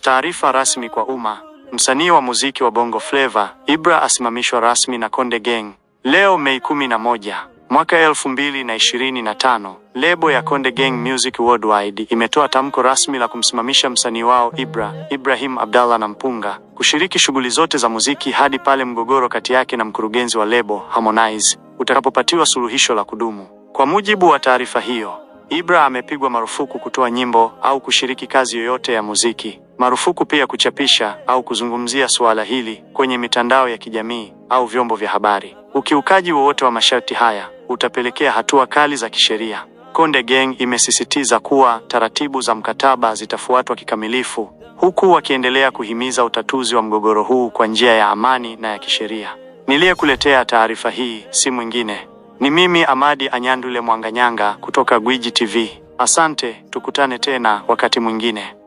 Taarifa rasmi kwa umma. Msanii wa muziki wa Bongo Flava Ibra asimamishwa rasmi na Konde Gang leo Mei 11 mwaka 2025. Lebo ya Konde Gang Music Worldwide imetoa tamko rasmi la kumsimamisha msanii wao Ibra Ibrahim Abdallah Nampunga kushiriki shughuli zote za muziki hadi pale mgogoro kati yake na mkurugenzi wa lebo Harmonize utakapopatiwa suluhisho la kudumu. Kwa mujibu wa taarifa hiyo, Ibra amepigwa marufuku kutoa nyimbo au kushiriki kazi yoyote ya muziki. Marufuku pia kuchapisha au kuzungumzia suala hili kwenye mitandao ya kijamii au vyombo vya habari. Ukiukaji wowote wa masharti haya utapelekea hatua kali za kisheria. Konde Gang imesisitiza kuwa taratibu za mkataba zitafuatwa kikamilifu, huku wakiendelea kuhimiza utatuzi wa mgogoro huu kwa njia ya amani na ya kisheria. Niliyekuletea taarifa hii si mwingine, ni mimi Amadi Anyandule Mwanganyanga kutoka Gwiji TV. Asante, tukutane tena wakati mwingine.